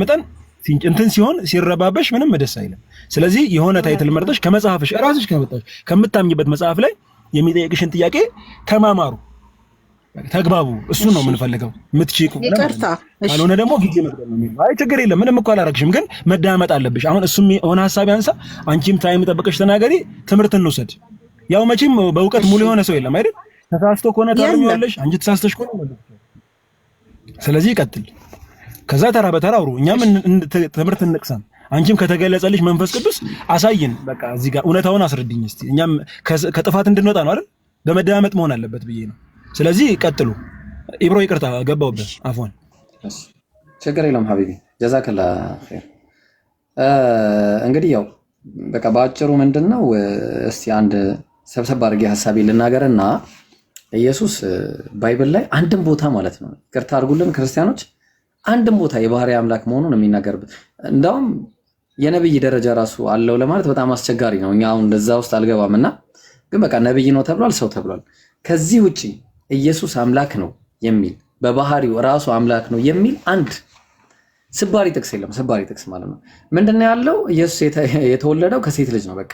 መጠን እንትን ሲሆን ሲረባበሽ ምንም ደስ አይልም። ስለዚህ የሆነ ታይትል መርጠሽ ከመጽሐፍሽ ራስሽ ከመጣሽ ከምታምኝበት መጽሐፍ ላይ የሚጠየቅሽን ጥያቄ ተማማሩ፣ ተግባቡ። እሱ ነው የምንፈልገው። የምትችይቁ ካልሆነ ደግሞ ጊዜ መግደል ነው አይ ችግር የለም ምንም እኮ አላረግሽም፣ ግን መዳመጥ አለብሽ። አሁን እሱም የሆነ ሀሳብ ያንሳ፣ አንቺም ታይም ጠብቀሽ ተናገሪ፣ ትምህርት እንውሰድ። ያው መቼም በእውቀት ሙሉ የሆነ ሰው የለም አይደል? ተሳስቶ ከሆነ ታርሚዋለሽ፣ አንቺ ተሳስተሽ ከሆነ ስለዚህ ይቀጥል ከዛ ተራ በተራ አውሩ። እኛም ትምህርት እንቅሰም። አንቺም ከተገለጸልሽ መንፈስ ቅዱስ አሳይን። በቃ እዚህ ጋር እውነታውን አስረድኝ እስቲ። እኛም ከጥፋት እንድንወጣ ነው አይደል? በመደማመጥ መሆን አለበት ብዬ ነው። ስለዚህ ቀጥሉ። ኢብሮ ይቅርታ ገባውብህ። አፏን ችግር የለም ሀቢቢ ጀዛከላ ር እንግዲህ ያው በቃ በአጭሩ ምንድን ነው እስቲ አንድ ሰብሰብ አድርጌ ሀሳቢ ልናገርና ኢየሱስ ባይብል ላይ አንድም ቦታ ማለት ነው ቅርታ አድርጉልን ክርስቲያኖች አንድም ቦታ የባህሪ አምላክ መሆኑን የሚናገርበት እንዳውም የነብይ ደረጃ ራሱ አለው ለማለት በጣም አስቸጋሪ ነው። እኛ አሁን እንደዛ ውስጥ አልገባም እና ግን በቃ ነብይ ነው ተብሏል፣ ሰው ተብሏል። ከዚህ ውጭ ኢየሱስ አምላክ ነው የሚል በባህሪው ራሱ አምላክ ነው የሚል አንድ ስባሪ ጥቅስ የለም። ስባሪ ጥቅስ ማለት ነው ምንድን ነው ያለው? ኢየሱስ የተወለደው ከሴት ልጅ ነው። በቃ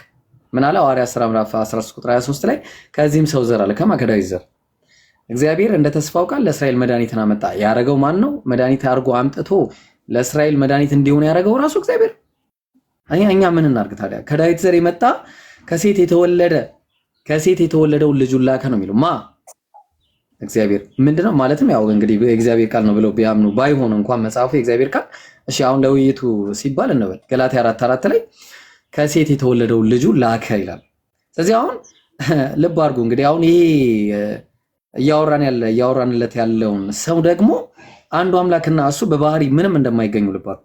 ምን አለ ሐዋርያት ሥራ ምዕራፍ 13 ቁጥር 23 ላይ ከዚህም ሰው ዘር አለ ከማ ከዳዊት ዘር እግዚአብሔር እንደ ተስፋው ቃል ለእስራኤል መድኃኒትን አመጣ። ያደረገው ማን ነው? መድኃኒት አድርጎ አምጥቶ ለእስራኤል መድኃኒት እንዲሆን ያደረገው ራሱ እግዚአብሔር። እኛ ምን እናርግ ታዲያ? ከዳዊት ዘር የመጣ ከሴት የተወለደ ከሴት የተወለደውን ልጁን ላከ ነው የሚለው ማ እግዚአብሔር ምንድነው? ማለትም ያው እንግዲህ የእግዚአብሔር ቃል ነው ብለው ቢያምኑ ባይሆኑ እንኳን መጽሐፉ የእግዚአብሔር ቃል እሺ፣ አሁን ለውይይቱ ሲባል እንበል ገላትያ አራት አራት ላይ ከሴት የተወለደውን ልጁ ላከ ይላል። ስለዚህ አሁን ልብ አድርጉ እንግዲህ አሁን ይሄ እያወራን ያለ እያወራንለት ያለውን ሰው ደግሞ አንዱ አምላክና እሱ በባህሪ ምንም እንደማይገኙ ልባሉ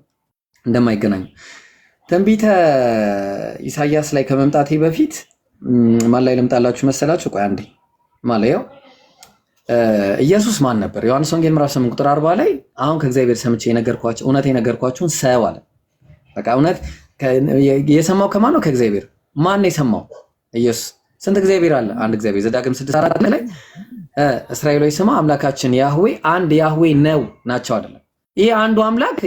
እንደማይገናኙ ትንቢተ ኢሳያስ ላይ ከመምጣቴ በፊት ማን ላይ ልምጣላችሁ መሰላችሁ? ቆይ አንዴ ማለያው ኢየሱስ ማን ነበር? ዮሐንስ ወንጌል ምዕራፍ 8 ቁጥር 40 ላይ አሁን ከእግዚአብሔር ሰምቼ የነገርኳችሁ እውነት የነገርኳችሁን ሰው አለ። በቃ እውነት የሰማው ከማን ነው? ከእግዚአብሔር። ማን ነው የሰማው? ኢየሱስ ስንት እግዚአብሔር አለ? አንድ እግዚአብሔር። ዘዳግም 6:4 ላይ እስራኤሎች ስማ አምላካችን ያህዌ አንድ ያህዌ ነው ናቸው አይደለም። ይሄ አንዱ አምላክ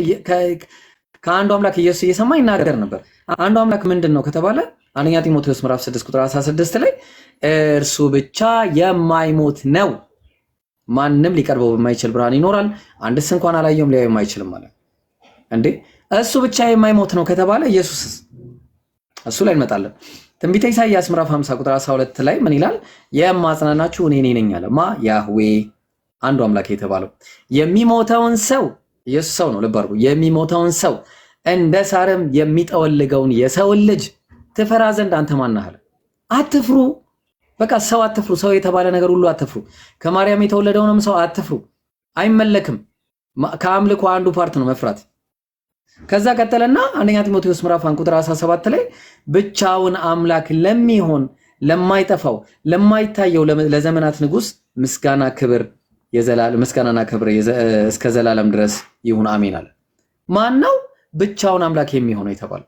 ከአንዱ አምላክ ኢየሱስ እየሰማ ይናገር ነበር። አንዱ አምላክ ምንድን ነው ከተባለ አንደኛ ጢሞቴዎስ ምዕራፍ 6 ቁጥር 16 ላይ እርሱ ብቻ የማይሞት ነው፣ ማንም ሊቀርበው በማይችል ብርሃን ይኖራል፣ አንድስ እንኳን አላየውም፣ ሊያየውም አይችልም ማለት እንዴ። እሱ ብቻ የማይሞት ነው ከተባለ ኢየሱስ እሱ ላይ እንመጣለን። ትንቢተ ኢሳይያስ ምዕራፍ 50 ቁጥር 12 ላይ ምን ይላል? የማጽናናችሁ እኔ ነኝ አለ ማ ያህዌ አንዱ አምላክ የተባለው የሚሞተውን ሰው ኢየሱስ ሰው ነው። ልብ የሚሞተውን ሰው እንደ ሳርም የሚጠወልገውን የሰውን ልጅ ትፈራ ዘንድ አንተ ማነህ አለ። አትፍሩ። በቃ ሰው አትፍሩ። ሰው የተባለ ነገር ሁሉ አትፍሩ። ከማርያም የተወለደውንም ሰው አትፍሩ። አይመለክም። ከአምልኮ አንዱ ፓርት ነው መፍራት። ከዛ ቀጠለና አንደኛ ጢሞቴዎስ ምዕራፍ አንድ ቁጥር 17 ላይ ብቻውን አምላክ ለሚሆን ለማይጠፋው ለማይታየው ለዘመናት ንጉስ ምስጋና ክብር የዘላለም ምስጋናና ክብር እስከ ዘላለም ድረስ ይሁን አሜን አለ። ማን ነው ብቻውን አምላክ የሚሆነው የተባለው?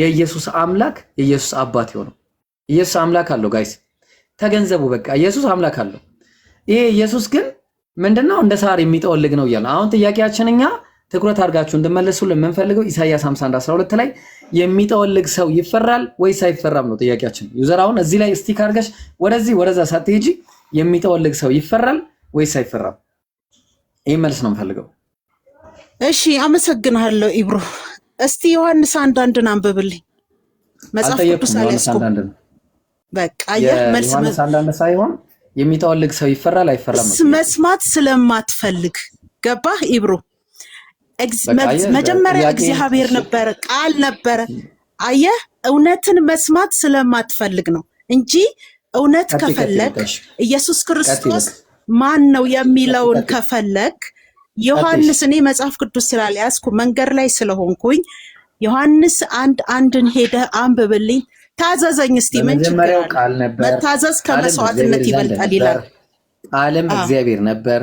የኢየሱስ አምላክ የኢየሱስ አባት የሆነው ኢየሱስ አምላክ አለው። ጋይስ ተገንዘቡ። በቃ ኢየሱስ አምላክ አለው። ይሄ ኢየሱስ ግን ምንድነው እንደ ሳር የሚጠወልግ ነው እያለ አሁን ጥያቄያችን እኛ ትኩረት አድርጋችሁ እንድመለሱ ለምንፈልገው ኢሳያስ 51 12 ላይ የሚጠወልግ ሰው ይፈራል ወይስ አይፈራም ነው ጥያቄያችን። ዩዘር አሁን እዚህ ላይ ስቲክ አድርገሽ ወደዚህ ወደዛ ሳትሄጂ የሚጠወልግ ሰው ይፈራል ወይስ አይፈራም? ይህ መልስ ነው የምፈልገው። እሺ አመሰግናለሁ ኢብሮ። እስቲ ዮሐንስ አንዳንድን አንብብልኝ። መጽሐፍ ቅዱስ በቃ አንዳንድ ሳይሆን የሚጠወልግ ሰው ይፈራል አይፈራም መስማት ስለማትፈልግ ገባህ ኢብሮ መጀመሪያ እግዚአብሔር ነበረ፣ ቃል ነበረ። አየህ እውነትን መስማት ስለማትፈልግ ነው እንጂ እውነት ከፈለግ ኢየሱስ ክርስቶስ ማን ነው የሚለውን ከፈለግ ዮሐንስ እኔ መጽሐፍ ቅዱስ ስላልያዝኩ መንገድ ላይ ስለሆንኩኝ ዮሐንስ አንድ አንድን ሄደህ አንብብልኝ ታዘዘኝ እስቲ ምን ችግር አለ መታዘዝ ከመስዋዕትነት ይበልጣል ይላል ቃልም እግዚአብሔር ነበር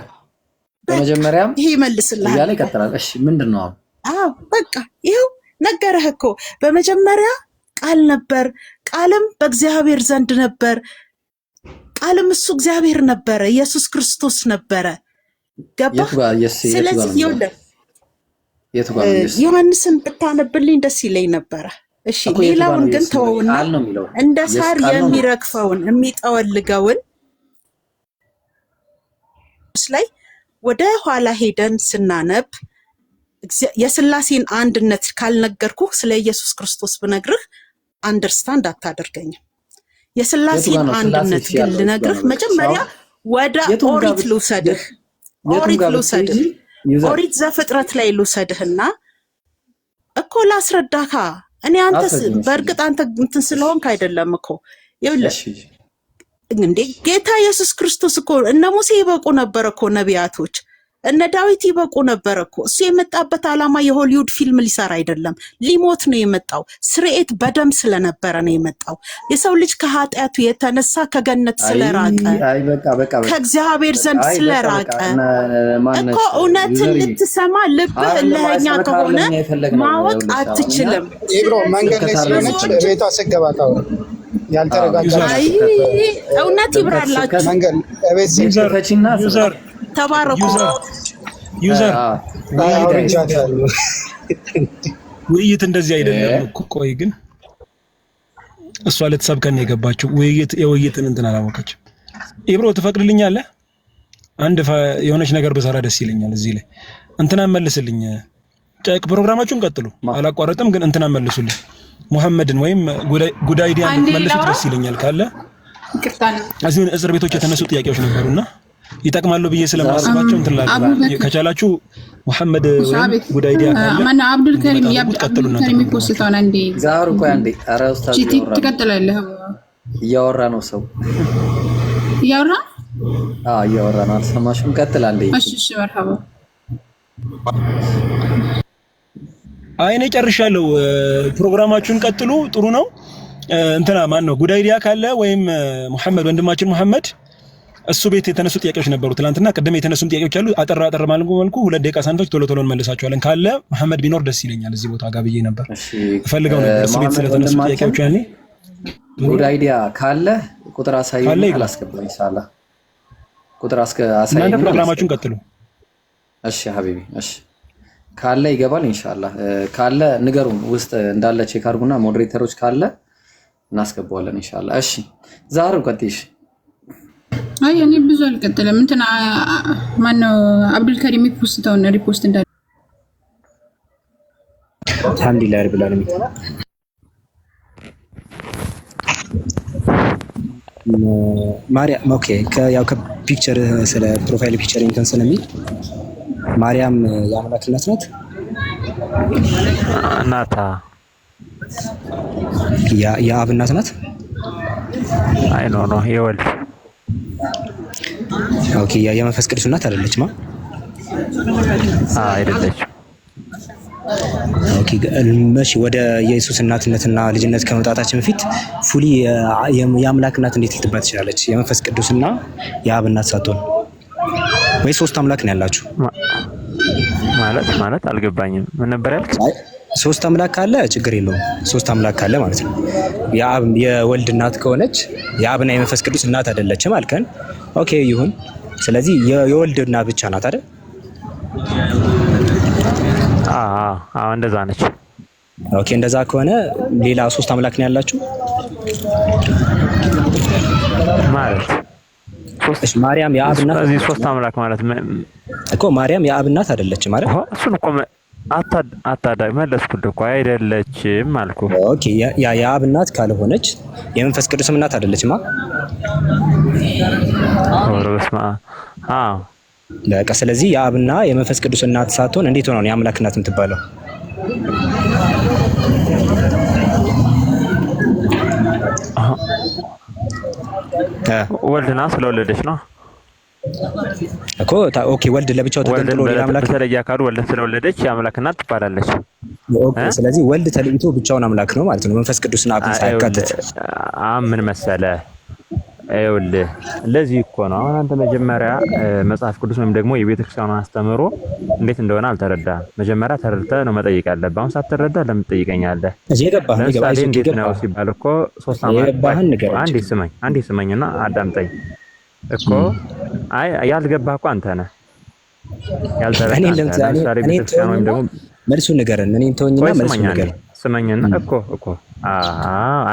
በመጀመሪያም ይሄ ይመልስልሃል እያለ ይቀጥላል። እሺ ምንድን ነው? አዎ በቃ ይኸው ነገረህ እኮ በመጀመሪያ ቃል ነበር፣ ቃልም በእግዚአብሔር ዘንድ ነበር፣ ቃልም እሱ እግዚአብሔር ነበረ፣ ኢየሱስ ክርስቶስ ነበረ። ገባህ? ስለዚህ ዮሐንስን ብታነብልኝ ደስ ይለኝ ነበረ። እሺ ሌላውን ግን ተወውና እንደ ሳር የሚረግፈውን የሚጠወልገውን ስ ላይ ወደ ኋላ ሄደን ስናነብ የስላሴን አንድነት ካልነገርኩ ስለ ኢየሱስ ክርስቶስ ብነግርህ አንደርስታንድ አታደርገኝም። የስላሴን አንድነት ግን ልነግርህ መጀመሪያ ወደ ኦሪት ልውሰድህ ኦሪት ልውሰድህ ኦሪት ዘፍጥረት ላይ ልውሰድህና እኮ ላስረዳካ እኔ አንተ በእርግጥ አንተ እንትን ስለሆንክ አይደለም እኮ ይኸውልህ እንዴ ጌታ ኢየሱስ ክርስቶስ እኮ እነ ሙሴ ይበቁ ነበር እኮ ነቢያቶች፣ እነ ዳዊት ይበቁ ነበር እኮ። እሱ የመጣበት ዓላማ የሆሊውድ ፊልም ሊሰራ አይደለም፣ ሊሞት ነው የመጣው። ስርኤት በደም ስለነበረ ነው የመጣው። የሰው ልጅ ከኃጢአቱ የተነሳ ከገነት ስለራቀ ከእግዚአብሔር ዘንድ ስለራቀ እኮ እውነትን ልትሰማ ልብህ እልኸኛ ከሆነ ማወቅ አትችልም። መንገድ ላይ ስለሆነች ቤቷ ስገባ እውነት ውይይት እንደዚህ አይደለም። ቆይ ግን እሷ ልትሰብከን የገባችው ውይይት የውይይትን እንትን አላወቀችም። ኢብሮ ትፈቅድልኛለህ? አንድ የሆነች ነገር ብሰራ ደስ ይለኛል። እዚህ ላይ እንትና መልስልኝ ጨቅ ፕሮግራማችሁን ቀጥሉ፣ አላቋረጥም። ግን እንትና መልሱልኝ፣ ሙሐመድን ወይም ጉዳይ ጉዳይዲያ መልሱት ደስ ይለኛል። ካለ እዚሁን እስር ቤቶች የተነሱ ጥያቄዎች ነበሩና ይጠቅማሉ ብዬ ስለማስባቸው እንትን ከቻላችሁ መሐመድ ጉዳይ ዲያ ካለ ማነው አብዱል ከሪም ያብዱል ከሪም ይፖስታውን አንዴ ዛሩ ቆይ አንዴ ኧረ ኡስታዝ ትቀጥላለህ። እያወራ ነው ሰው እያወራ አዎ፣ እያወራ ነው። አልሰማሽም? ቀጥል አንዴ። እሺ፣ እሺ፣ መርሐባ አይ አይኔ ጨርሻለሁ። ፕሮግራማችሁን ቀጥሉ፣ ጥሩ ነው። እንትና ማን ነው ጉዳይዲያ ካለ ወይም መሐመድ ወንድማችን መሐመድ እሱ ቤት የተነሱ ጥያቄዎች ነበሩ ትናንትና፣ ቅድም የተነሱ ጥያቄዎች አሉ። አጠር አጠር ማለት መልኩ ሁለት ደቂቃ ሳንቶች ቶሎ ቶሎ እንመልሳቸዋለን። ካለ መሐመድ ቢኖር ደስ ይለኛል። እዚህ ቦታ ጋብዬ ነበር እፈልገው ነበር። እሱ ቤት ስለተነሱ ጥያቄዎች ያኔ ጉዳይዲያ ካለ ቁጥር አሳይ አላስገባም። ኢንሻአላህ ቁጥር አሳይ። እናንተ ፕሮግራማችሁን ቀጥሉ። እሺ ሀቢቢ እሺ ካለ ይገባል። ኢንሻላ ካለ ንገሩን፣ ውስጥ እንዳለ ቼክ አድርጉና ሞዴሬተሮች ካለ እናስገባዋለን። ኢንሻላ እሺ፣ ዛሬው ቀጥሽ። አይ እኔ ብዙ አልቀጥልም። እንትን ማነው አብዱልከሪም ፖስተውን ሪፖስት እንዳለ አልሐምዱሊላህ ረብል ዓለሚን ማርያም ኦኬ። ያው ከፒክቸር ስለ ፕሮፋይል ፒክቸር እንትን ስለሚል ማርያም የአምላክ እናት ናት ናታ የአብ እናት ናት። አይ ኖ ኖ የወልድ ኦኬ። ያ የመንፈስ ቅዱስ እናት አይደለችማ? አይደለችም። ኦኬ መቼ ወደ ኢየሱስ እናትነትና ልጅነት ከመምጣታችን በፊት ፉሊ የአምላክ እናት እንዴት ልትባል ትችላለች? የመንፈስ ቅዱስና የአብ እናት ሳትሆን ወይ ሶስት አምላክ ነው ያላችሁ ማለት ማለት አልገባኝም። ምን ነበር ያልክ? ሶስት አምላክ ካለ ችግር የለውም። ሶስት አምላክ ካለ ማለት ነው የአብ የወልድ እናት ከሆነች የአብና የመንፈስ ቅዱስ እናት አይደለችም አልከን። ኦኬ ይሁን። ስለዚህ የወልድ እናት ብቻ ናት አይደል? አዎ እንደዛ ነች። ኦኬ እንደዛ ከሆነ ሌላ ሶስት አምላክ ነው ያላችሁ ማለት ሶስት ማርያም የአብ እናት ስለዚህ ሶስት አምላክ ማለት እኮ ማርያም የአብ እናት አይደለችም ማለት እሱን እኮ አታዳ መለስኩልህ እኮ አይደለችም አልኩ። ኦኬ ያ የአብ እናት ካልሆነች የመንፈስ ቅዱስም እናት አይደለችማ። አዎ በቃ ስለዚህ የአብና የመንፈስ ቅዱስ እናት ሳትሆን እንዴት ሆነ የአምላክ እናት የምትባለው? ወልድና ስለወለደች ነው እኮ ኦኬ። ወልድ ለብቻው ተገንጥሎ ሌላ አምላክ በተለየ አካሉ ወልድ ስለወለደች የአምላክ እናት ትባላለች። ኦኬ። ስለዚህ ወልድ ተለይቶ ብቻውን አምላክ ነው ማለት ነው። መንፈስ ቅዱስና አብን ሳያካትት ምን መሰለ ይኸውልህ ለዚህ እኮ ነው አሁን አንተ መጀመሪያ መጽሐፍ ቅዱስ ወይም ደግሞ የቤተክርስቲያኑ አስተምህሮ እንዴት እንደሆነ አልተረዳህም። መጀመሪያ ተረድተህ ነው መጠየቅ ያለብህ። አሁን ሳትረዳ ለምን ትጠይቀኛለህ? ለምሳሌ እንዴት ነው ሲባል እኮ ሶስት አንዴ ስመኝ አንዴ አዳምጠኝ እኮ አይ ያልገባህ እኮ አንተ ነህ ያልተረዳህ። ለምሳሌ ወይም ደግሞ ንገረን። ንገረን። ስመኝና እኮ እኮ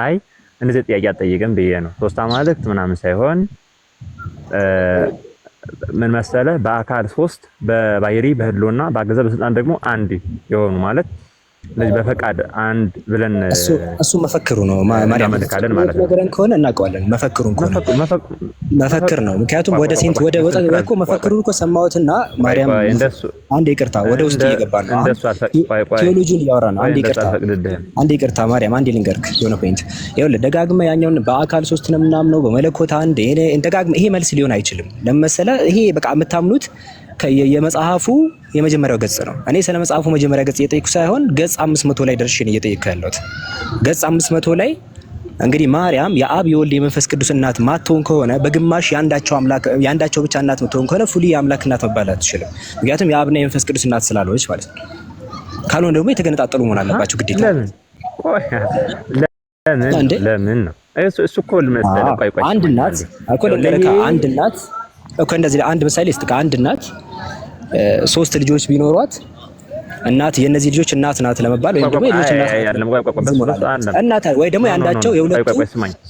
አይ እንደዚህ ጥያቄ አትጠይቅም ብዬ ነው። ሶስት አማልክት ምናምን ሳይሆን ምን መሰለ በአካል ሶስት በባይሪ በህልውና በአገዛዝ በስልጣን ደግሞ አንድ የሆኑ ማለት ስለዚህ በፈቃድ አንድ ብለን እሱ መፈክሩ ነው ማለት ነው። ነገረን ከሆነ እናውቀዋለን። መፈክሩን ከሆነ መፈክር ነው። ምክንያቱም ወደ ሴንት ወደ ወጣ እኮ መፈክሩን እኮ ሰማሁትና ማርያም አንድ ይቅርታ፣ ወደ ውስጥ እየገባ ነው። ቴዎሎጂን እያወራ ነው። አንድ ይቅርታ፣ አንድ ይቅርታ ማርያም፣ አንድ ልንገርክ የሆነ ፖይንት ይኸውልህ፣ ደጋግመህ ያኛውን በአካል ሶስት ነው የምናምነው ነው በመለኮት አንድ ይሄ ደጋግመህ ይሄ መልስ ሊሆን አይችልም ለመሰለህ። ይሄ በቃ የምታምኑት የመጽሐፉ የመጀመሪያው ገጽ ነው። እኔ ስለ መጽሐፉ መጀመሪያ ገጽ እየጠየኩ ሳይሆን ገጽ 500 ላይ ደርሽን እየጠየኩ ያለሁት ገጽ 500 ላይ እንግዲህ ማርያም የአብ የወልድ የመንፈስ ቅዱስ እናት ማትሆን ከሆነ በግማሽ ያንዳቸው አምላክ ያንዳቸው ብቻ እናት ምትሆን ከሆነ ፉሊ የአምላክ እናት መባል አትችልም። ምክንያቱም የአብና የመንፈስ ቅዱስ እናት ስላልሆነች ማለት ነው። ካልሆነ ደግሞ የተገነጣጠሉ መሆን አለባቸው ግዴታ። ለምን ነው እሱ እኮ አንድ እናት አንድ እናት እኮ እንደዚህ አንድ ምሳሌ ስትቀ አንድ እናት ሶስት ልጆች ቢኖሯት እናት የነዚህ ልጆች እናት ናት ለመባል ወይም ደግሞ የልጆች እናት እናት ወይ ደግሞ ያንዳቸው የሁለቱ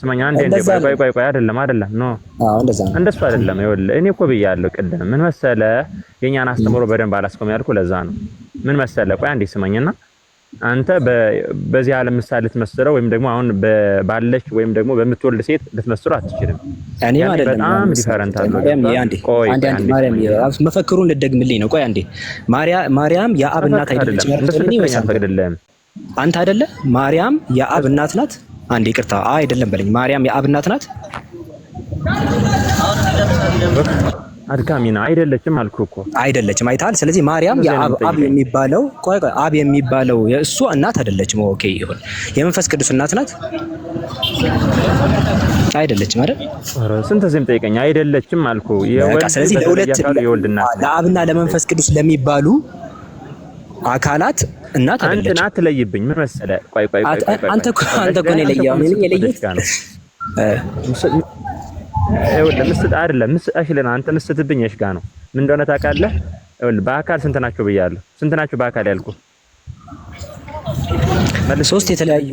ስማኝ አንዴ እንደ ቆይ ቆይ ቆይ አይደለም አይደለም ኖ አዎ እንደዛ እንደሱ አይደለም ይኸውልህ እኔ እኮ ብያለሁ ቅድም ምን መሰለህ የኛን አስተምሮ በደንብ አላስቆም ያልኩ ለዛ ነው ምን መሰለህ ቆይ አንዴ ስማኝና አንተ በዚህ ዓለም ምሳሌ ልትመስለው ወይም ደግሞ አሁን ባለች ወይም ደግሞ በምትወልድ ሴት ልትመስለው አትችልም። እኔ ማለት በጣም ዲፈረንት አለው። አንዴ አንዴ ማርያም ይራስ መፈክሩን ልደግምልኝ ነው። ቆይ አንዴ ማርያም ማርያም የአብ እናት አይደለም። አንተ አይደለ ማርያም የአብ እናት ናት። አንዴ ይቅርታ፣ አይደለም በለኝ። ማርያም የአብ እናት ናት። አድካሚ ነው አይደለችም አልኩ እኮ አይደለችም አይታል ስለዚህ ማርያም አብ የሚባለው ቆይ ቆይ አብ የሚባለው የእሱ እናት አይደለችም ኦኬ ይሁን የመንፈስ ቅዱስ እናት ናት አይደለችም አይደል ስንት ጊዜም ጠይቀኝ አይደለችም አልኩ ስለዚህ ለሁለት ለአብና ለመንፈስ ቅዱስ ለሚባሉ አካላት እናት አይደለችም አንተ ትለይብኝ ምን መሰለህ ቆይ ቆይ አንተ አንተ እኮ ነው የለየኸው እኔ የለየሁት ይኸውልህ ምስጥ አይደለም ምስጥሽ አንተ ምስትብኝ የሽ ጋ ነው። ምን እንደሆነ ታውቃለህ? ይኸውልህ በአካል ስንት ናቸው ብያለሁ። ስንት ናቸው በአካል ያልኩህ? ሶስት የተለያዩ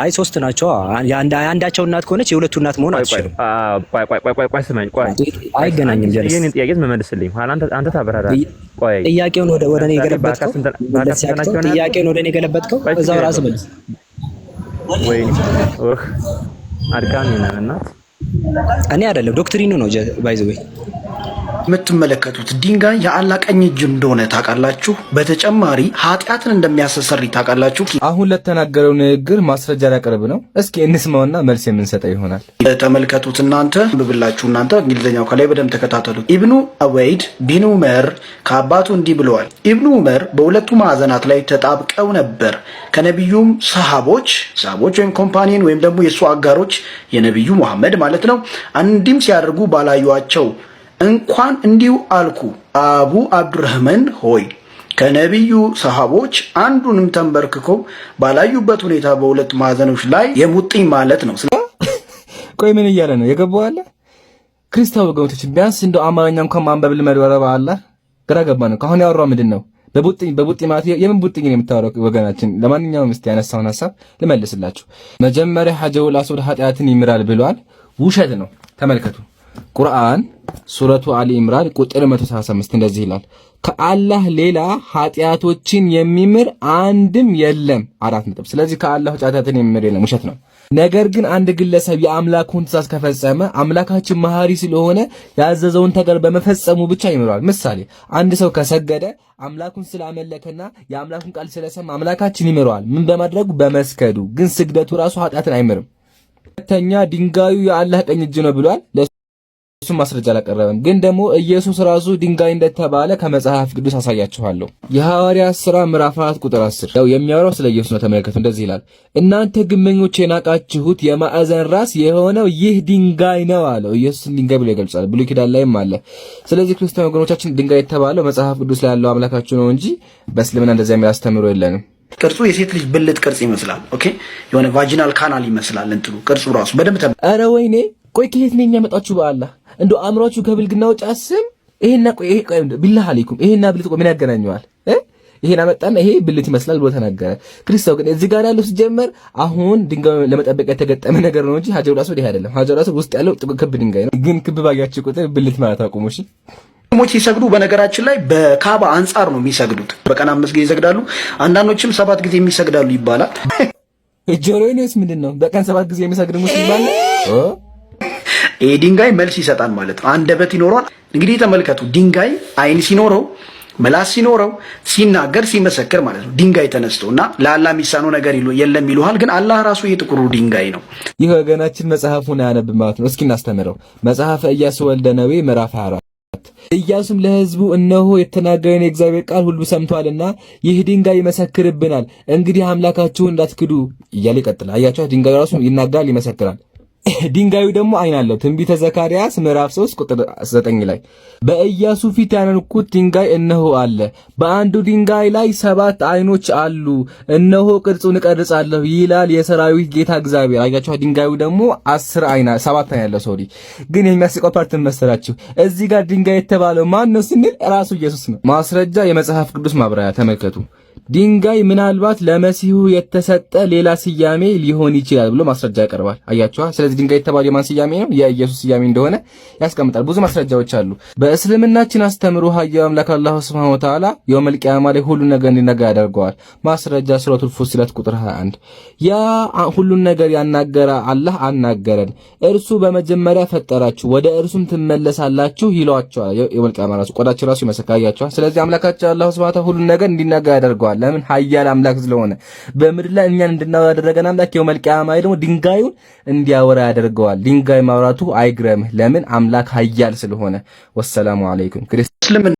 አይ ሶስት ናቸው። የአንዳቸው እናት ከሆነች የሁለቱ እናት መሆን አትችልም። ቆይ አይገናኝም። ጀለስ ጥያቄ መመልስልኝ። አንተ ታብራራለህ። ጥያቄውን ወደ እኔ ገለበጥከው፣ ጥያቄውን ወደ እኔ ገለበጥከው፣ እዛው ራስህ መልስ። ወይ አድካሚ ነው እናት እኔ አይደለም ዶክትሪኑ ነው ባይዘወይ የምትመለከቱት ድንጋይ የአላህ ቀኝ እጅ እንደሆነ ታውቃላችሁ። በተጨማሪ ኃጢአትን እንደሚያሰሰሪ ታውቃላችሁ። አሁን ለተናገረው ንግግር ማስረጃ ሊያቀርብ ነው። እስኪ እንስማውና መልስ የምንሰጠው ይሆናል። ተመልከቱት እናንተ ብብላችሁ እናንተ እንግሊዝኛው ከላይ በደንብ ተከታተሉት። ኢብኑ አወይድ ቢን ዑመር ከአባቱ እንዲህ ብለዋል። ኢብኑ ዑመር በሁለቱ ማዕዘናት ላይ ተጣብቀው ነበር። ከነቢዩም ሰሃቦች ሰሃቦች ወይም ኮምፓኒን ወይም ደግሞ የእሱ አጋሮች የነቢዩ መሐመድ ማለት ነው አንዲም ሲያደርጉ ባላዩቸው እንኳን እንዲሁ አልኩ አቡ አብዱረህማን ሆይ ከነቢዩ ሰሃቦች አንዱንም ተንበርክኮ ባላዩበት ሁኔታ በሁለት ማዕዘኖች ላይ የሙጥኝ ማለት ነው። ቆይ ምን እያለ ነው የገባዋለ? ክርስቲያን ወገኖቶች ቢያንስ እንደ አማርኛ እንኳን ማንበብ ልመድ። ወረባ አለ ግራ ገባ ነው። ከአሁን ያወራው ምንድን ነው? በቡጥኝ በቡጥኝ ማለት የምን ቡጥኝ ነው የምታወራው? ወገናችን ለማንኛውም እስቲ ያነሳውን ሀሳብ ልመልስላችሁ። መጀመሪያ ሐጀውል አስወድ ኃጢአትን ይምራል ብሏል። ውሸት ነው። ተመልከቱ ቁርአን ሱረቱ አሊ ኢምራን ቁጥር 135 እንደዚህ ይላል፣ ከአላህ ሌላ ኃጢአቶችን የሚምር አንድም የለም። አራት ነጥብ። ስለዚህ ከአላህ ኃጢአትን የሚምር የለም፣ ውሸት ነው። ነገር ግን አንድ ግለሰብ የአምላኩን ትእዛዝ ከፈጸመ አምላካችን መሐሪ ስለሆነ ያዘዘውን ተገር በመፈጸሙ ብቻ ይምረዋል። ምሳሌ አንድ ሰው ከሰገደ አምላኩን ስላመለከና የአምላኩን ቃል ስለሰማ አምላካችን ይምረዋል። ምን በማድረጉ በመስገዱ። ግን ስግደቱ ራሱ ኃጢአትን አይምርም። ሁለተኛ ድንጋዩ የአላህ ቀኝ እጅ ነው ብሏል። እሱ ማስረጃ አላቀረበም። ግን ደግሞ ኢየሱስ ራሱ ድንጋይ እንደተባለ ከመጽሐፍ ቅዱስ አሳያችኋለሁ። የሐዋርያ ሥራ ምዕራፍ 4 ቁጥር 10 ያው የሚያወራው ስለ ኢየሱስ ነው። ተመልከቱ፣ እንደዚህ ይላል፣ እናንተ ግመኞች የናቃችሁት የማዕዘን ራስ የሆነው ይህ ድንጋይ ነው አለው። ኢየሱስን ድንጋይ ብሎ ይገልጻል፣ ብሉይ ኪዳን ላይም አለ። ስለዚህ ክርስቲያን ወገኖቻችን ድንጋይ የተባለው መጽሐፍ ቅዱስ ላይ ያለው አምላካችሁ ነው እንጂ በእስልምና እንደዚያ የሚል አስተምሮ የለንም። ቅርጹ የሴት ልጅ ብልት ቅርጽ ይመስላል። ኦኬ፣ የሆነ ቫጂናል ካናል ይመስላል እንትኑ ቅርጹ ራሱ በደንብ ኧረ ወይኔ ቆይ ከየት ነው የሚያመጣችሁ በአላህ እንደ አእምሯችሁ ከብልግና ውጭ አስም ይሄና ቢላህ አለይኩም ይሄና ብልት ቆይ ምን ያገናኘዋል? ይሄን አመጣና ይሄ ብልት ይመስላል ብሎ ተናገረ። ክርስቲያኑ ግን እዚህ ጋር ያለው ሲጀመር አሁን ድንጋይ ለመጠበቅ የተገጠመ ነገር ነው እንጂ ሀጀሩ ራሱ ይሄ አይደለም። ሀጀሩ ራሱ ውስጥ ያለው ክብ ድንጋይ ነው። ግን ክብ ባያችሁ ቁጥር ብልት ማለት አቁሙ። እሺ ሙስሊሞች ሲሰግዱ በነገራችን ላይ በካባ አንጻር ነው የሚሰግዱት። በቀን አምስት ጊዜ ይሰግዳሉ፣ አንዳንዶችም ሰባት ጊዜ የሚሰግዳሉ ይባላል። ጆሮዬ ነው ምንድን ነው? በቀን ሰባት ጊዜ የሚሰግድ ሙስሊም ባለ ይሄ ድንጋይ መልስ ይሰጣል ማለት ነው። አንደበት ይኖረዋል። እንግዲህ ተመልከቱ፣ ድንጋይ አይን ሲኖረው ምላስ ሲኖረው ሲናገር ሲመሰክር ማለት ነው። ድንጋይ ተነስቶ እና ለአላህ የሚሳነው ነገር የለም ይሉሃል፣ ግን አላህ ራሱ የጥቁሩ ድንጋይ ነው። ይህ ወገናችን መጽሐፉን ያነብ ማለት ነው። እስኪ እናስተምረው። መጽሐፈ ኢያሱ ወልደ ነዌ ምዕራፍ 24 እያሱም ለህዝቡ እነሆ የተናገረን የእግዚአብሔር ቃል ሁሉ ሰምቷልና ይህ ድንጋይ ይመሰክርብናል፣ እንግዲህ አምላካችሁን እንዳትክዱ እያለ ይቀጥላል። አያቸው ድንጋይ ራሱ ይናገራል፣ ይመሰክራል። ድንጋዩ ደግሞ አይን አለው። ትንቢተ ዘካርያስ ምዕራፍ 3 ቁጥር 9 ላይ በኢያሱ ፊት ያኖርኩት ድንጋይ እነሆ አለ፣ በአንዱ ድንጋይ ላይ ሰባት አይኖች አሉ፣ እነሆ ቅርጹን እቀርጻለሁ ይላል የሰራዊት ጌታ እግዚአብሔር። አያችሁ፣ ድንጋዩ ደግሞ 10 አይና ሰባት አይና ያለው ሶሪ። ግን የሚያስቀው ፓርት መሰላችሁ፣ እዚህ ጋር ድንጋይ የተባለው ማን ነው ስንል ራሱ ኢየሱስ ነው። ማስረጃ የመጽሐፍ ቅዱስ ማብራሪያ ተመልከቱ። ድንጋይ ምናልባት ለመሲሁ የተሰጠ ሌላ ስያሜ ሊሆን ይችላል ብሎ ማስረጃ ያቀርባል። አያችኋ። ስለዚህ ድንጋይ የተባለው የማን ስያሜ ነው? የኢየሱስ ስያሜ እንደሆነ ያስቀምጣል። ብዙ ማስረጃዎች አሉ። በእስልምናችን አስተምሮ ሀያው አምላክ አላሁ ስብሐነ ወተዓላ የውመል ቂያማ ላይ ሁሉን ነገር እንዲነጋ ያደርገዋል። ማስረጃ ሱረቱል ፉሲለት ቁጥር 21 ያ ሁሉን ነገር ያናገረ አላህ አናገረን፣ እርሱ በመጀመሪያ ፈጠራችሁ፣ ወደ እርሱም ትመለሳላችሁ ይሏቸዋል። የውመል ቂያማ ራሱ ቆዳቸው ራሱ ይመሰካያቸዋል። ስለዚህ አምላካችን አላሁ ስብሐነ ሁሉን ነገር እንዲነጋ ያደርገዋል። ያደርገዋል። ለምን? ኃያል አምላክ ስለሆነ በምድር ላይ እኛን እንድናወራ ያደረገን አምላክ የውመል ቂያማ ላይ ደግሞ ድንጋዩን እንዲያወራ ያደርገዋል። ድንጋይ ማውራቱ አይግረምህ። ለምን? አምላክ ኃያል ስለሆነ። ወሰላሙ አለይኩም